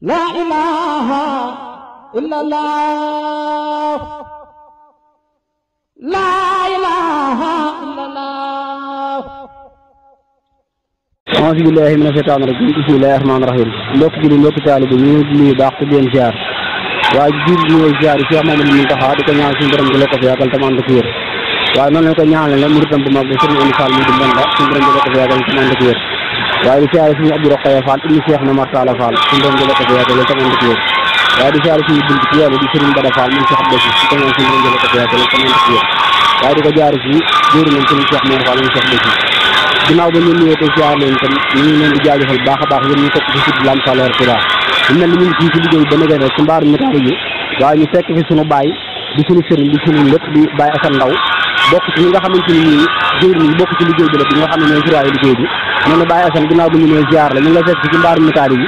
la ilaha illallah la ilaha illallah auzu billahi mina shaytaani rajim bismillahi rahmaani rahim mbokk julli mbokk taalibe ñu ngi nuyu baax di leen ziar waaye jur ñooy ziar yi Cheikh Mamadou Mountakha di ko ñaan suñu borom di la ko fi yàggal tamaan ko fi wér waaye noonu lañ ko ñaanal la muritam bu mag bi Serigne Oumy Fall mu di mbanda suñu borom di la ko fi yàggal tamaan ko fi wér waaye di siyaare suñu Abdou Rokhaya Fall ibnu Cheikh Namar Talla Fall suñu doom jëlee ko yaate loolu tam ànd ak yéen waaye di siyaare suñu bunt ci di Serigne Bada Fall mu Cheikh Abdou Bessou suñu doom jëlee ko yaate loolu tam ànd ak yéen waaye di ko jaare ci jëwri nañ Serigne Cheikh Mor mu Cheikh Bessou ginnaaw ba ñu nuyoo te siyaare leen di jaajëfal baax a baax yéen ñu topp ci sud Lamp Fall Touba ñu mel ni ba nagane ci mbaaru métal yi waaye ñu fekk fi suñu bàyyi di suñu sëriñ di suñu lépp di bàyyi asan ndaw bokk ci ñi nga xamante ni nii jëwriñ yi bokk ci liggéey bi la bi nga xam ne mooy suraay liggéey bi nee na bàyyi asan la la fekk ci mbaaru mitaali yi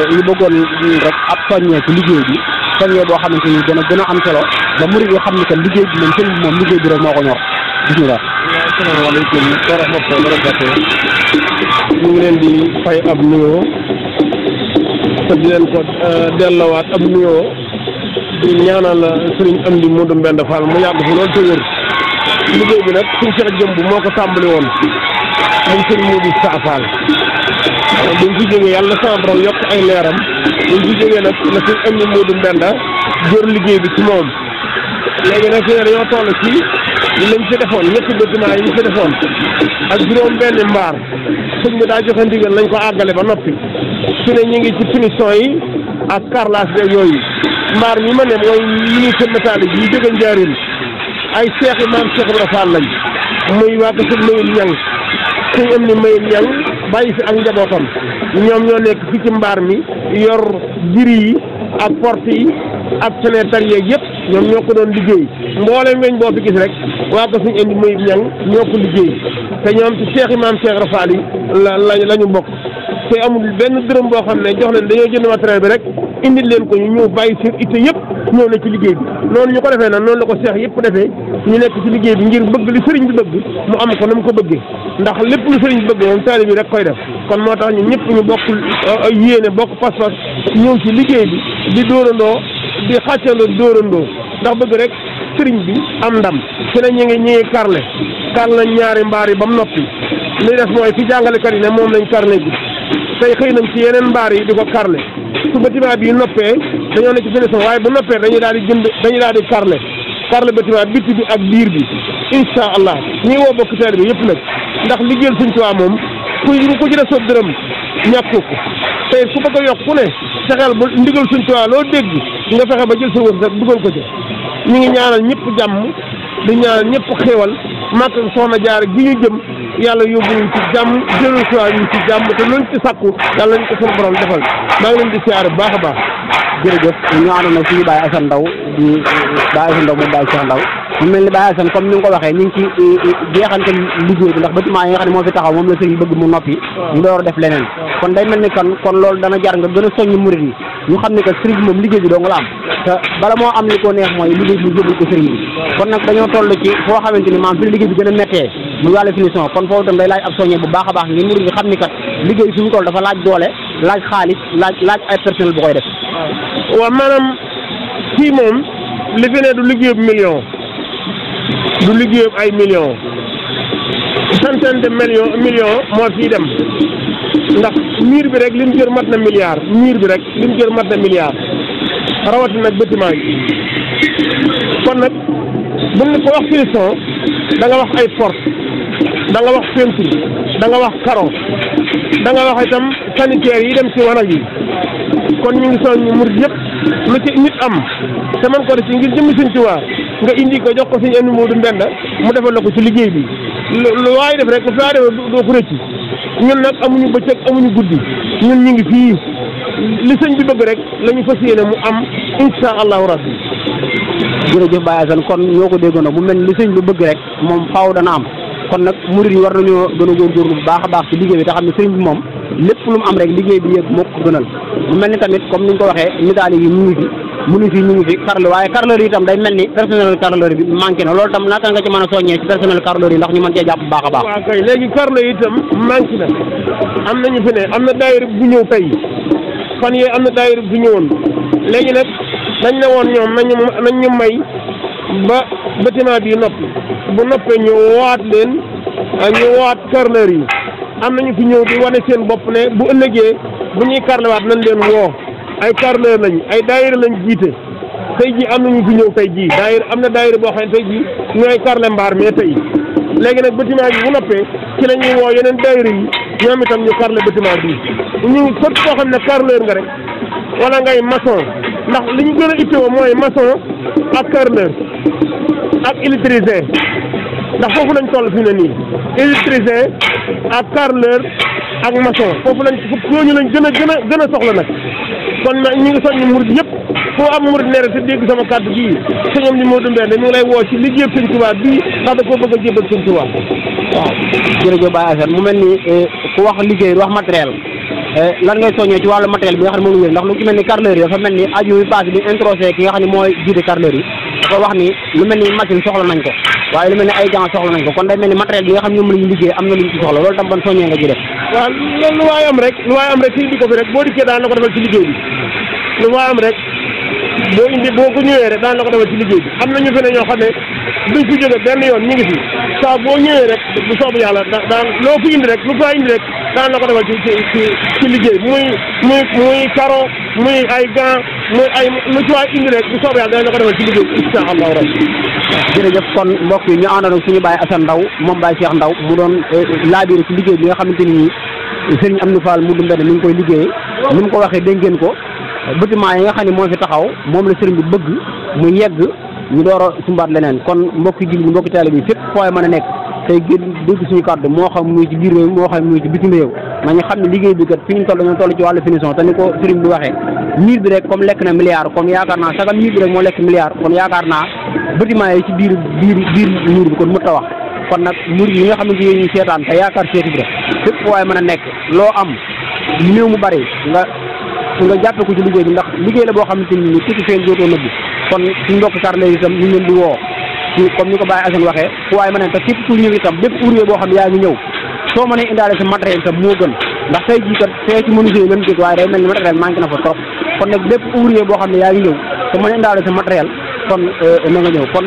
eh, ñu bëggoon rek ab soññee liggéey bi soññee boo xamante ni dana gën a am solo ba murid yi xam ne que liggéey bi moom sëriñ bi moom liggéey bi rek moo ko ñor bismillah asalaamaaleykum wa rahmatullahi wa barakatuh ñu ngi leen di fay ab nuyoo te di leen ko eh, delloowaat ab nuyoo ñaanal sëriñ Amdi Modou Mbenda Fall mu yàgg fi loolu te wër liggéey bi nag suñ Cheikh Jëmb moo ko tàmbali woon moom sëriñ Modou Sa Fall buñ fi jógee yàlla sama borom ay leeram buñ fi jógee nag la sëriñ Amdi Modou Mbenda jor liggéey ci moom léegi nag fi ne dañoo toll ci ñu lañ fi defoon ñetti bâtiment yi ñu fi defoon ak juróom benn mbaar ko àggale ba noppi su ñu ngi ci finition yi ak carrelage beeg yooyu mbaar mi ma ne mooy ministre métalli bi ñu jóge njaaréen ay seexi maam Seex Ibra Faal lañ muy waa ko sëñ Mayel Ñang sëñ am ni Mayel Ñang bàyyi fi ak njabootam ñoom ñoo nekk fi ci mbaar mi yor giri yi ak porte yi ak fenêtre yeeg yëpp ñoom ñoo ko doon liggéey mbooleem weñ boo fi rek waa ko sëñ indi Mayel Ñang ñoo ko liggéey te ñoom ci seexi maam Seex Ibra yi la la lañu bokk te amul benn dërëm boo xam ne jox leen dañoo jënd matériel bi rek indi leen ko ñu ñëw bàyyi seen itte yëpp ñëw na ci liggéey bi loolu ñu ko defee nag noonu la ko seex yëpp defee ñu nekk ci liggéey bi ngir bëgg li sëriñ bi bëgg mu am ko na mu ko bëggee ndax lépp lu sëriñ bi bëgg moom taali bi rek koy def kon moo tax ñu ñëpp ñu bokk yéene bokk pas-pas ñëw ci liggéey bi di dóorandoo di xàccandoo di dóorandoo ndax bëgg rek sëriñ bi am ndam fi ne ñu ngi ñu ngi karle karle ñaari mbaar yi ba mu noppi li des mooy fi jàngalekat yi ne moom lañ karle gi tey xëy nañ ci yeneen mbaar yi di ko karle su bâtiment bi noppee dañoo ne ci finition waaye bu noppee dañuy daal di jënd dañuy daal di carrelé carrelé bâtiment bitti bi ak biir bi incha allah ñi woo bokk teel bi yëpp nag ndax liggéeyal suñ tuwaa moom ku ku ci def sa dërëm ñàkk ko tey ku bëgg a yokk ku ne fexeel bu ndigal suñ tuwaa loo dégg nga fexe ba jël sa wërsëg dugal ko ci ñu ngi ñaanal ñëpp jàmm di ñaanal ñëpp xéewal màkk soxna jaar gi ñu jëm yàlla yóbbu ñu ci jàmm jëlu choix ñu ci jàmm te luñ ci sàkku yàlla ñu ko suñu borom defal maa leen di siyaare baax a baax. jërëjëf ñu àndoon nag suñu Baye Assane Ndao di Baye Assane Ndao moom Baye Cheikh Ndao mu mel ni Baye Assane comme ni nga ko waxee ñu ngi ci eh, eh, jeexante liggéey bi ndax bâtiment yi nga xam ne moo moom bëgg mu noppi mu door a def leneen kon day mel ni kan kon loolu dana jar nga gën a soññ murit yi ñu xam ne que sëriñ bi moom liggéey bi doo nga la am te bala moo am li ni a muy wàllu finition kon foofu itam day laaj ab soññe bu baax a baax ngir murid bi xam ni kat liggéey fi mu toll dafa laaj doole laaj xaalis laaj laaj ay personnel bu koy def. waaw maanaam kii moom li fi ne du liggéeyub million du liggéeyub ay million centaine de million million moo fii dem ndax miir bi rek lim jër mat na milliard miir bi rek lim jër mat na milliard rawatina nag bâtiment yi kon nag buñ ko wax finition da nga wax ay force da nga wax peinture da nga wax karo da wax itam sanitaire yi dem si wanag yi kon ngi murid yëpp lu ci nit am te man ko def ci ngir jëmmi Sëñ Tuubaa nga indi ko jox ko Sëñ Andi Moodu Mbenda mu defal la ko ci liggéey bi lu waay def rek lu def ko ñun amuñu amuñu guddi ñun ngi li bi bëgg rek mu am insha Allah rabbi jërëjëf Baye Assane kon ñoo ko déggoon mu mel li bi bëgg rek faaw dana am kon nag murid yi war nañoo gën a góorgóorlu bu baax a baax ci liggéey bi te xam ne sëriñ bi moom lépp lu mu am rek liggéey bi yëpp moo ko gënal mu mel ni tamit comme ni ñu ko waxee misaal yi ñu ngi fi mu ngi fi ñu ngi fi carreleur waaye carreleur yi itam day mel ni personnel carreleur bi manqué na loolu tam naka nga ci mën a soññee ci personnel carreleur yi ndax ñu mën cee jàpp bu a baax. waaw kay léegi carreleur yi itam manqué na am nañu fi ne am na daayira bu ñëw tey fan yee am na daayira léegi nag dañ ne woon ñoom nañ ñu may ba bâtiment bi noppi bu noppee ñu waat leen ah, ñu waat carreleurs yi am nañu fi ñëw di wane seen bopp ne bu ëllëgee bu ñuy carrelewaat nañ leen woo ay carreleurs lañ ay daayira lañ jiite tey ji am nañu fi ñëw tey ji daayira am na daayira boo xam ne tey ji ñooy carrelé mbaar mais tey léegi nag bâtiment bi bu noppee ci la ñuy woo yeneen daayira yi ñoom itam ñu carrelé bâtiment bi ñu képp koo xam ne carreleur nga rek wala ngay maçon ndax li ñu gën a ittoo mooy maçon ak ak électricien ndax foofu lañ toll fi mu ne nii électricien ak carreleur ak maçon foofu lañ ñooñu lañ gën a gën a gën a soxla nag kon nag ñu ngi soññi murid yëpp foo am murid nee te dégg sama kàddu bi sëñ am ni moo dumbee ne ñu ngi lay woo ci liggéeyub sëñ Tuubaa bii ndax da koo bëgg a jébal sëñ Tuubaa waaw jërëjëf Baye mu mel ni eh, ku wax liggéey wax matériel eh, lan ngay soññee ci wàllu matériel bi nga xam ne moom la ndax lu ci mel ni carreleur yi dafa mel ni aju ki nga xam ne mooy jiite carreleur yi dafa wax ni lu mel ni machine soxla nañ ko waaye lu mel ni ay gants soxla nañ ko kon day mel ni matériel bi nga xam ñoom la ñu liggéey am na lu ñu ci soxla loolu tam ban soññee nga ji def waaw lu waay am rek lu waay am rek fii di ko fi rek boo dikkee daan la ko defal ci liggéey bi lu waay am rek boo indi boo ko ñëwee rek daan la ko defal ci liggéey bi am na ñu fi ne ñoo xam ne duñ fi jóge benn yoon ñu ngi fi saa boo ñëwee rek bu soobu yàlla da daan loo fi indi rek lu fa indi rek daan la ko defal ci ci ci liggéey muy muy muy karo muy ay gants lu ay lu ci waay indi rek bu soobee yàlla danañ la ko defal ci liggéey bi incha allahu rabbi jërëjëf kon mbokk yi ñu àndoon ak suñu bàyyi Assane Ndaw moom bàyyi Cheikh Ndaw mu doon eh, laabire ci liggéey bi nga xamante ni am Amdi Fall mu dumbe ne mi ngi koy liggéeye ni mu ko waxee dégg ngeen ko bâtiment yi nga xam ne moo fi taxaw moom la sëriñ bi bëgg mu yegg ñu door a sumbaat leneen kon mbokki jil bi mbokki taalibe bi fépp fooy mën a nekk tay gën dégg suñu kàddu mo xam muy ci biir mo xam muy ci bitim réew nañu xam ne liggéey bi kat tollu ñu tollu ci walu finition tan ko sëriñ bi waxee mille bi rek comme lek na milliard kon yaakar na sagam mille bi rek mo lek milliard kon yaakar na bâtiment yi ci biir biir biir mur bi kon mu tawax kon nak mur yi nga xam ni ñu seetaan ta yaakar sétu bi rek fepp way mëna nekk am néew mu bari nga nga jàppe ko ci liggéey bi ndax liggéey la bo xamni ni ku ci feeñ na bu kon suñ sar lay itam ñu leen di wo comme ni ko Baye Assane waxee fu waaye mën a te képp ku ñëw itam bépp ouvrier boo xam yaa ngi ñëw soo mënee indaale sa matériel itam moo gën ndax tey jii fee ci menuisier yi lañ gis na fa trop kon nag xam ne yaa ngi ñëw a indaale sa matériel kon euh, na nga ñëw kon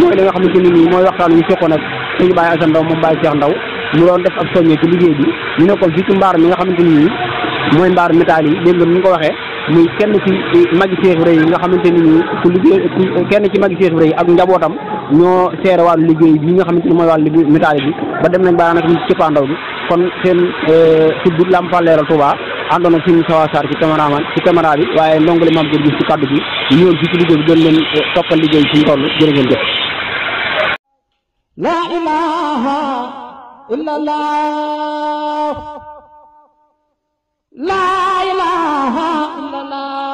mooy li nga xamante ne nii mooy waxtaan wi fekkoon ak suñu Baye Assane liggéey ni nii mooy mbaar métal yi ni ko waxee kenn ci magi Cheikh Ibrahima yi nga xamante ni ku kenn ci mag Cheikh Ibrahima yi ak njabootam ñoo seere wàllu liggéey bi nga xamante ni mooy wàllu liggéey métallique bi ba dem nañ baanaka ñu cëppaandaw bi kon seen euh, suddu Lamp Fall Leeral Touba àndoon ak suñu Sawa Sarr ci caméraman ci caméra bi waaye ndongole maam jërëjëf ci kàddu gi ñu ñëwoon fii ci liggéey bi gën leen euh, toppal liggéey suñu toll jërë ngeen jëf la ilaha illallah